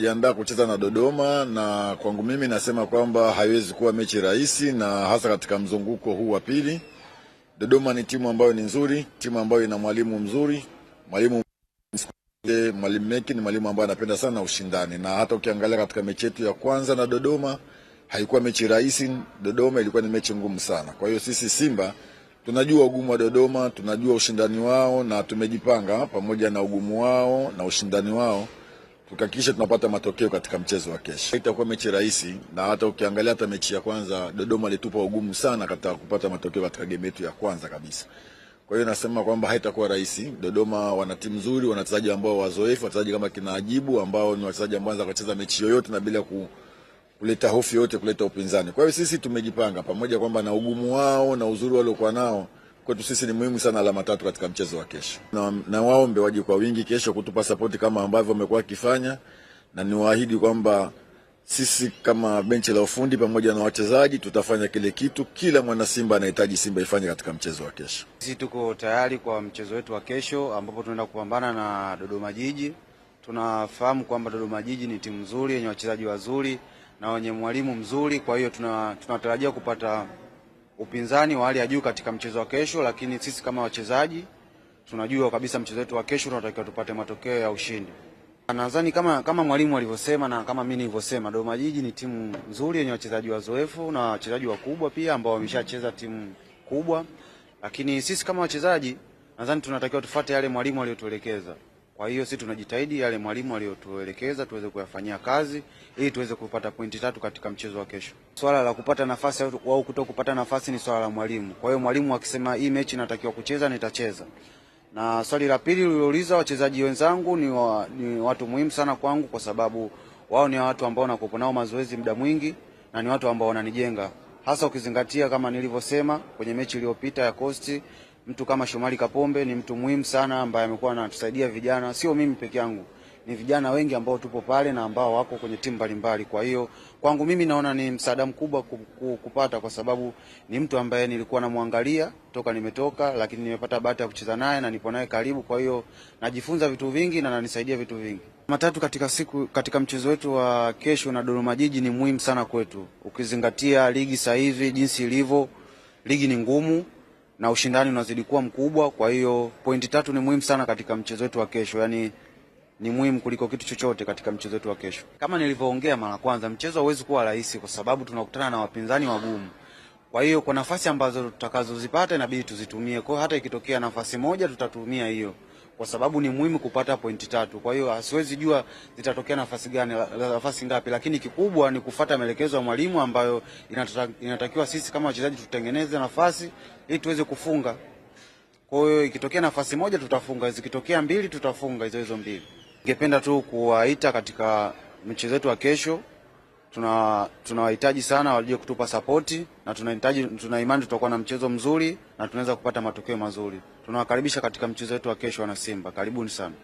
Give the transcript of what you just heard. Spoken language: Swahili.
Jiandaa kucheza na Dodoma na kwangu mimi nasema kwamba haiwezi kuwa mechi rahisi, na hasa katika mzunguko huu wa pili. Dodoma ni timu ambayo ni nzuri, timu ambayo ina mwalimu mzuri, mwalimu mwalimu Meki ni mwalimu ambaye anapenda sana ushindani, na hata ukiangalia katika mechi yetu ya kwanza na Dodoma haikuwa mechi rahisi. Dodoma ilikuwa ni mechi ngumu sana. Kwa hiyo sisi Simba tunajua ugumu wa Dodoma, tunajua ushindani wao, na tumejipanga pamoja na ugumu wao na ushindani wao tukahakikisha tunapata matokeo katika mchezo wa kesho. Itakuwa mechi rahisi, na hata ukiangalia hata mechi ya kwanza Dodoma alitupa ugumu sana katika kupata matokeo katika game yetu ya kwanza kabisa. Kwa hiyo nasema kwamba haitakuwa rahisi. Dodoma wana timu nzuri, wana wachezaji ambao wazoefu, wachezaji kama kina Ajibu ambao ni wachezaji ambao kucheza mechi yoyote na bila ku, kuleta hofu yoyote, kuleta upinzani. Kwa hiyo sisi tumejipanga pamoja kwamba na ugumu wao na uzuri waliokuwa nao Kwetu sisi ni muhimu sana alama tatu katika mchezo wa kesho, na, na waombe waje kwa wingi kesho kutupa sapoti kama ambavyo wamekuwa wakifanya, na niwaahidi kwamba sisi kama benchi la ufundi pamoja na wachezaji tutafanya kile kitu kila mwana Simba anahitaji Simba ifanye katika mchezo wa kesho. Sisi tuko tayari kwa mchezo wetu wa kesho ambapo tunaenda kupambana na Dodoma Jiji. Tunafahamu kwamba Dodoma Jiji ni timu nzuri yenye wachezaji wazuri na wenye mwalimu mzuri, kwa hiyo tunatarajia tuna kupata upinzani wa hali ya juu katika mchezo wa kesho, lakini sisi kama wachezaji tunajua kabisa mchezo wetu wa kesho tunatakiwa tupate matokeo ya ushindi. Nadhani kama, kama mwalimu alivyosema na kama mimi nilivyosema, Dodoma Jiji ni timu nzuri yenye wachezaji wazoefu na wachezaji wakubwa pia ambao wameshacheza timu kubwa, lakini sisi kama wachezaji nadhani tunatakiwa tufuate yale mwalimu aliyotuelekeza. Kwa hiyo sisi tunajitahidi yale mwalimu aliyotuelekeza tuweze kuyafanyia kazi ili tuweze kupata pointi tatu katika mchezo wa kesho. Swala la kupata nafasi au kuto kupata nafasi ni swala la mwalimu. Kwa hiyo mwalimu akisema hii mechi natakiwa kucheza, nitacheza. Na swali la pili uliouliza, wachezaji wenzangu ni, wa, ni watu muhimu sana kwangu kwa sababu wao ni watu ambao nakupo nao mazoezi muda mwingi na ni watu ambao wananijenga hasa ukizingatia kama nilivyosema kwenye mechi iliyopita ya Coast mtu kama Shomari Kapombe ni mtu muhimu sana ambaye amekuwa anatusaidia vijana, sio mimi peke yangu, ni vijana wengi ambao tupo pale na ambao wako kwenye timu mbalimbali. Kwa hiyo kwangu mimi naona ni msaada mkubwa kupata, kwa sababu ni mtu ambaye nilikuwa namwangalia toka nimetoka, lakini nimepata bahati ya kucheza naye na nipo naye karibu. Kwa hiyo najifunza vitu vingi na ananisaidia vitu vingi. Matatu katika siku katika mchezo wetu wa kesho na Dodoma Jiji ni muhimu sana kwetu, ukizingatia ligi sasa hivi jinsi ilivyo, ligi ni ngumu na ushindani unazidi kuwa mkubwa. Kwa hiyo pointi tatu ni muhimu sana katika mchezo wetu wa kesho, yani ni muhimu kuliko kitu chochote katika mchezo wetu wa kesho. Kama nilivyoongea mara kwanza, mchezo hauwezi kuwa rahisi kwa sababu tunakutana na wapinzani wagumu. Kwa hiyo kwa nafasi ambazo tutakazozipata inabidi tuzitumie. Kwa hiyo hata ikitokea nafasi moja tutatumia hiyo kwa sababu ni muhimu kupata pointi tatu. Kwa hiyo siwezi jua zitatokea nafasi gani, nafasi ngapi, lakini kikubwa ni kufata maelekezo ya mwalimu ambayo inatakiwa sisi kama wachezaji tutengeneze nafasi ili tuweze kufunga. Kwa hiyo ikitokea nafasi moja tutafunga, zikitokea mbili tutafunga hizo hizo mbili. Ningependa tu kuwaita katika mchezo wetu wa kesho tunawahitaji tuna sana wajue kutupa sapoti na tunahitaji, tuna imani tutakuwa na mchezo mzuri na tunaweza kupata matokeo mazuri. Tunawakaribisha katika mchezo wetu wa kesho, wana Simba, karibuni sana.